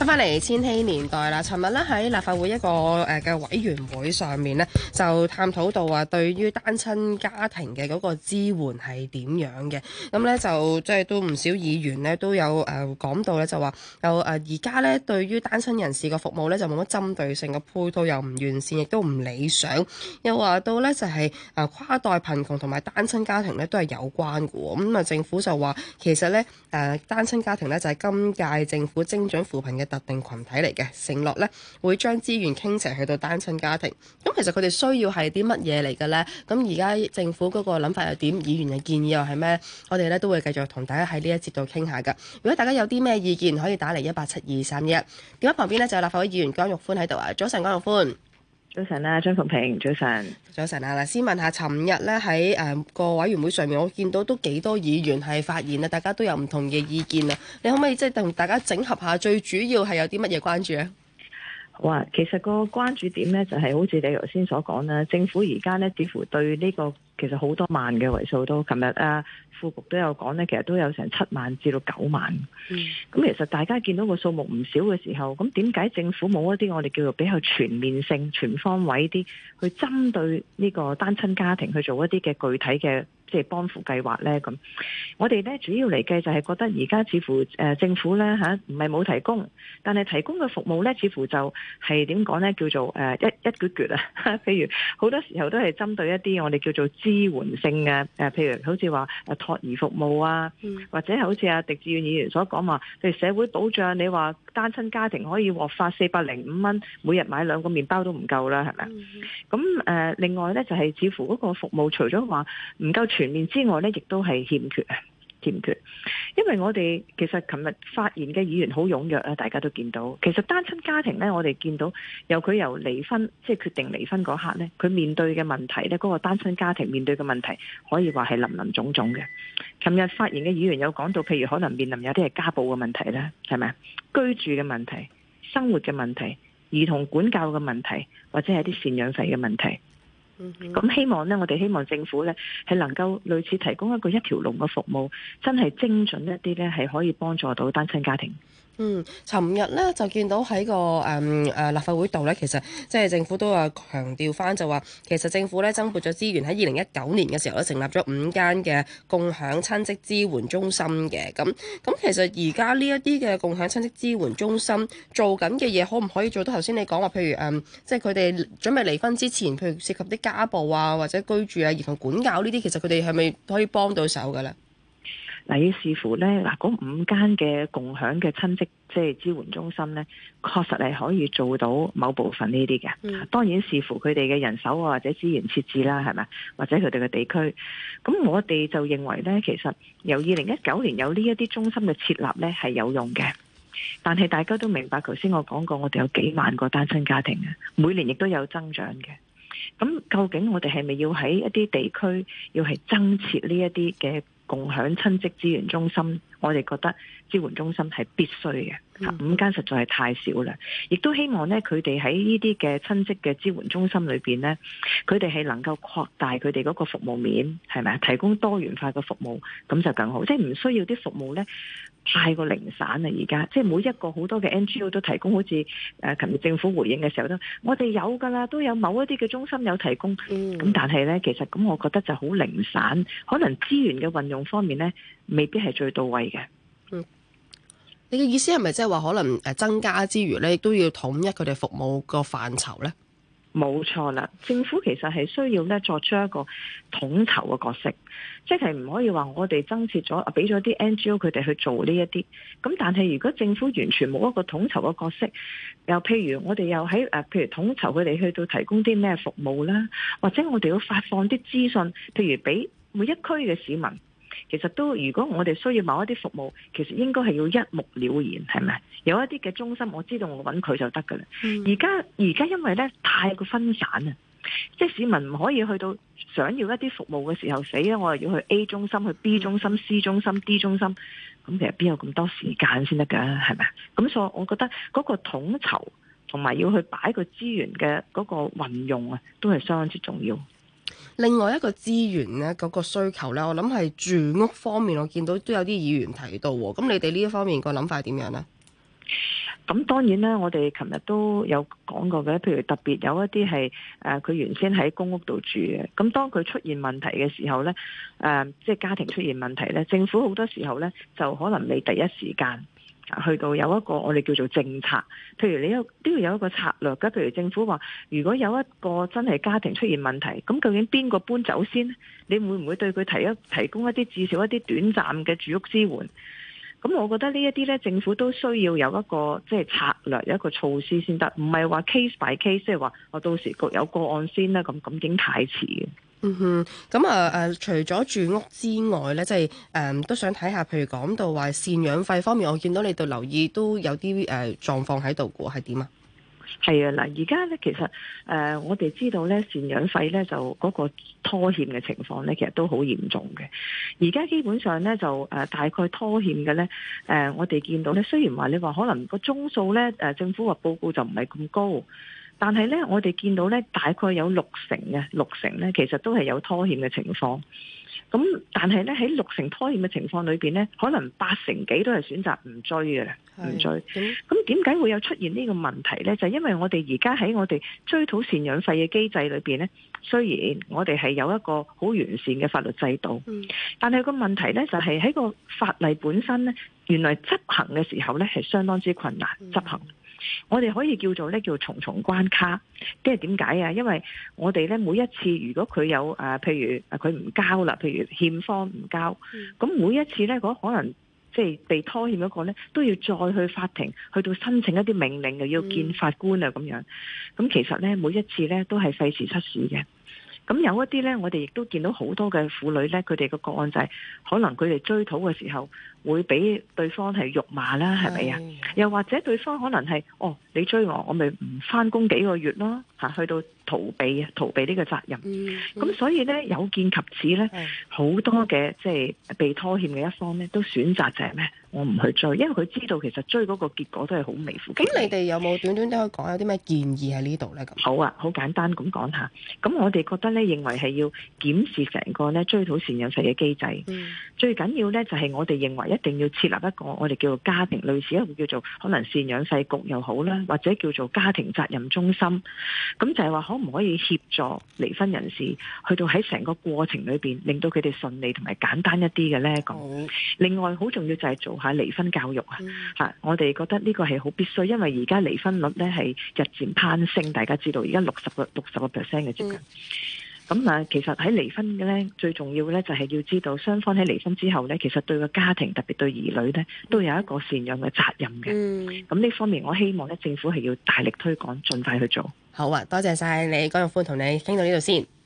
翻翻嚟千禧年代啦，尋日咧喺立法會一個誒嘅、呃、委員會上面咧，就探討到話對於單親家庭嘅嗰個支援係點樣嘅。咁咧就即係都唔少議員咧都有誒講、呃、到咧，就話有誒而家咧對於單親人士嘅服務咧就冇乜針對性嘅配套又唔完善，亦都唔理想。又話到咧就係誒跨代貧窮同埋單親家庭咧都係有關嘅喎。咁啊政府就話其實咧誒、呃、單親家庭咧就係、是、今屆政府精準扶貧嘅。特定群體嚟嘅，承諾咧會將資源傾斜去到單親家庭。咁、嗯、其實佢哋需要係啲乜嘢嚟嘅咧？咁而家政府嗰個諗法又點？議員嘅建議又係咩？我哋咧都會繼續同大家喺呢一節度傾下㗎。如果大家有啲咩意見，可以打嚟一八七二三一。電話旁邊咧就有立法會議員江玉歡喺度啊，早晨，江玉歡。早晨啊，張鳳平，早晨。早晨啊，嗱，先問下，尋日咧喺誒個委員會上面，我見到都幾多議員係發言啊，大家都有唔同嘅意見啊，你可唔可以即係同大家整合下，最主要係有啲乜嘢關注啊？哇！其實個關注點咧，就係、是、好似你頭先所講啦，政府而家咧，似乎對呢、這個其實好多萬嘅為數都，琴日啊副局都有講咧，其實都有成七萬至到九萬。咁、嗯嗯、其實大家見到個數目唔少嘅時候，咁點解政府冇一啲我哋叫做比較全面性、全方位啲去針對呢個單親家庭去做一啲嘅具體嘅？即係幫扶計劃咧，咁，我哋咧主要嚟計就係覺得而家似乎誒、呃、政府咧嚇唔係冇提供，但係提供嘅服務咧似乎就係點講咧叫做誒、呃、一一決決啊， 譬如好多時候都係針對一啲我哋叫做支援性嘅誒、啊，譬如好似話、啊、託兒服務啊，或者好似阿狄志遠議員所講話，譬如社會保障，你話單親家庭可以獲發四百零五蚊，每日買兩個麵包都唔夠啦，係咪啊？咁誒、嗯呃、另外咧就係、是、似乎嗰個服務除咗話唔夠。全面之外呢，亦都係欠缺，欠缺。因為我哋其實琴日發言嘅議員好踴躍啊，大家都見到。其實單親家庭呢，我哋見到由佢由離婚，即係決定離婚嗰刻呢，佢面對嘅問題呢，嗰個單親家庭面對嘅問題，可以話係林林總總嘅。琴日發言嘅議員有講到，譬如可能面臨有啲係家暴嘅問題咧，係咪居住嘅問題、生活嘅問題、兒童管教嘅問題，或者係啲贍養費嘅問題。咁、嗯、希望呢，我哋希望政府呢，係能夠類似提供一個一條龍嘅服務，真係精準一啲呢，係可以幫助到單親家庭。嗯，尋日咧就見到喺個誒誒、嗯啊、立法會度咧，其實即係政府都有強調翻，就話其實政府咧增撥咗資源喺二零一九年嘅時候咧，成立咗五間嘅共享親職支援中心嘅。咁、嗯、咁、嗯、其實而家呢一啲嘅共享親職支援中心做緊嘅嘢，可唔可以做到頭先你講話，譬如誒、嗯，即係佢哋準備離婚之前，譬如涉及啲家暴啊，或者居住啊，兒童管教呢啲，其實佢哋係咪可以幫到手嘅咧？係視乎呢嗱，嗰五間嘅共享嘅親戚即係支援中心呢，確實係可以做到某部分呢啲嘅。嗯、當然視乎佢哋嘅人手啊，或者資源設置啦，係咪？或者佢哋嘅地區。咁我哋就認為呢，其實由二零一九年有呢一啲中心嘅設立呢係有用嘅。但係大家都明白，頭先我講過，我哋有幾萬個單親家庭啊，每年亦都有增長嘅。咁究竟我哋係咪要喺一啲地區要係增設呢一啲嘅？共享親職資源中心。我哋覺得支援中心係必須嘅，五間實在係太少啦。亦都希望呢，佢哋喺呢啲嘅親戚嘅支援中心裏邊呢，佢哋係能夠擴大佢哋嗰個服務面，係咪啊？提供多元化嘅服務，咁就更好。即係唔需要啲服務呢太過零散啦。而家即係每一個好多嘅 NGO 都提供，好似誒，琴日政府回應嘅時候都，我哋有㗎啦，都有某一啲嘅中心有提供。咁但係呢，其實咁，我覺得就好零散，可能資源嘅運用方面呢。未必係最到位嘅。嗯，你嘅意思係咪即係話可能誒增加之餘咧，亦都要統一佢哋服務個範疇咧？冇錯啦，政府其實係需要咧作出一個統籌嘅角色，即係唔可以話我哋增設咗，俾咗啲 NGO 佢哋去做呢一啲。咁但係如果政府完全冇一個統籌嘅角色，又譬如我哋又喺誒，譬如統籌佢哋去到提供啲咩服務啦，或者我哋要發放啲資訊，譬如俾每一區嘅市民。其實都如果我哋需要某一啲服務，其實應該係要一目了然，係咪？有一啲嘅中心我知道我，我搵佢就得噶啦。而家而家因為咧太過分散啊，即係市民唔可以去到想要一啲服務嘅時候死咧，我又要去 A 中心，去 B 中心、C 中心、D 中心，咁其實邊有咁多時間先得噶？係咪？咁所以我覺得嗰個統籌同埋要去擺個資源嘅嗰個運用啊，都係相當之重要。另外一個資源咧，嗰、那個需求咧，我諗係住屋方面，我見到都有啲議員提到喎。咁你哋呢一方面個諗法係點樣呢？咁、嗯、當然啦，我哋琴日都有講過嘅，譬如特別有一啲係誒，佢、呃、原先喺公屋度住嘅，咁、嗯、當佢出現問題嘅時候咧，誒、呃、即係家庭出現問題咧，政府好多時候咧就可能未第一時間。去到有一個我哋叫做政策，譬如你有都要有一個策略，咁譬如政府話，如果有一個真係家庭出現問題，咁究竟邊個搬走先？你會唔會對佢提一提供一啲至少一啲短暫嘅住屋支援？咁我覺得呢一啲呢，政府都需要有一個即係策略，有一個措施先得，唔係話 case by case，即係話我到時各有個案先啦，咁咁已經太遲嘅。嗯哼，咁啊誒，除咗住屋之外咧，即係誒都想睇下，譬如講到話贍養費方面，我見到你度留意都有啲誒狀況喺度嘅，係點啊？係啊，嗱，而家咧其實誒、呃，我哋知道咧贍養費咧就嗰個拖欠嘅情況咧，其實都好嚴重嘅。而家基本上咧就誒大概拖欠嘅咧，誒、呃、我哋見到咧，雖然話你話可能個宗數咧，誒政府話報告就唔係咁高。但係咧，我哋見到咧，大概有六成嘅六成咧，其實都係有拖欠嘅情況。咁但係咧，喺六成拖欠嘅情況裏邊咧，可能八成幾都係選擇唔追嘅啦，唔追。咁點解會有出現呢個問題咧？就係、因為我哋而家喺我哋追討贍養費嘅機制裏邊咧，雖然我哋係有一個好完善嘅法律制度，嗯、但係個問題咧就係、是、喺個法例本身咧，原來執行嘅時候咧係相當之困難執行。嗯我哋可以叫做咧叫重重關卡，即係點解啊？因為我哋咧每一次，如果佢有誒、啊，譬如佢唔交啦，譬如欠方唔交，咁、嗯、每一次咧，嗰可能即係被拖欠嗰個咧，都要再去法庭去到申請一啲命令，又要見法官啊咁樣。咁、嗯、其實咧，每一次咧都係費時出事嘅。咁、嗯、有一啲咧，我哋亦都見到好多嘅婦女咧，佢哋個個案就係、是、可能佢哋追討嘅時候會俾對方係辱罵啦，係咪啊？ 又或者對方可能係哦，你追我，我咪唔翻工幾個月咯，吓去到。逃避啊！逃避呢個責任，咁、嗯嗯、所以咧有見及此咧，好是多嘅即係被拖欠嘅一方咧，都選擇就係咩？我唔去追，因為佢知道其實追嗰個結果都係好微乎。咁你哋有冇短短都可以講有啲咩建議喺呢度咧？好啊，好簡單咁講下。咁我哋覺得咧，認為係要檢視成個咧追討贍養費嘅機制。嗯、最緊要咧就係、是、我哋認為一定要設立一個我哋叫做家庭類似一個叫做可能贍養費局又好啦，或者叫做家庭責任中心。咁就係話可。可唔可以協助離婚人士去到喺成個過程裏邊，令到佢哋順利同埋簡單一啲嘅呢？咁、嗯，另外好重要就係做下離婚教育、嗯、啊！吓，我哋覺得呢個係好必須，因為而家離婚率呢係日漸攀升，大家知道而家六十個六十個 percent 嘅接近。嗯咁啊、嗯，其實喺離婚嘅咧，最重要嘅咧就係要知道雙方喺離婚之後咧，其實對個家庭，特別對兒女咧，都有一個贍養嘅責任嘅。咁呢、嗯、方面，我希望咧政府係要大力推廣，盡快去做。好啊，多謝晒你，江玉歡，同你傾到呢度先。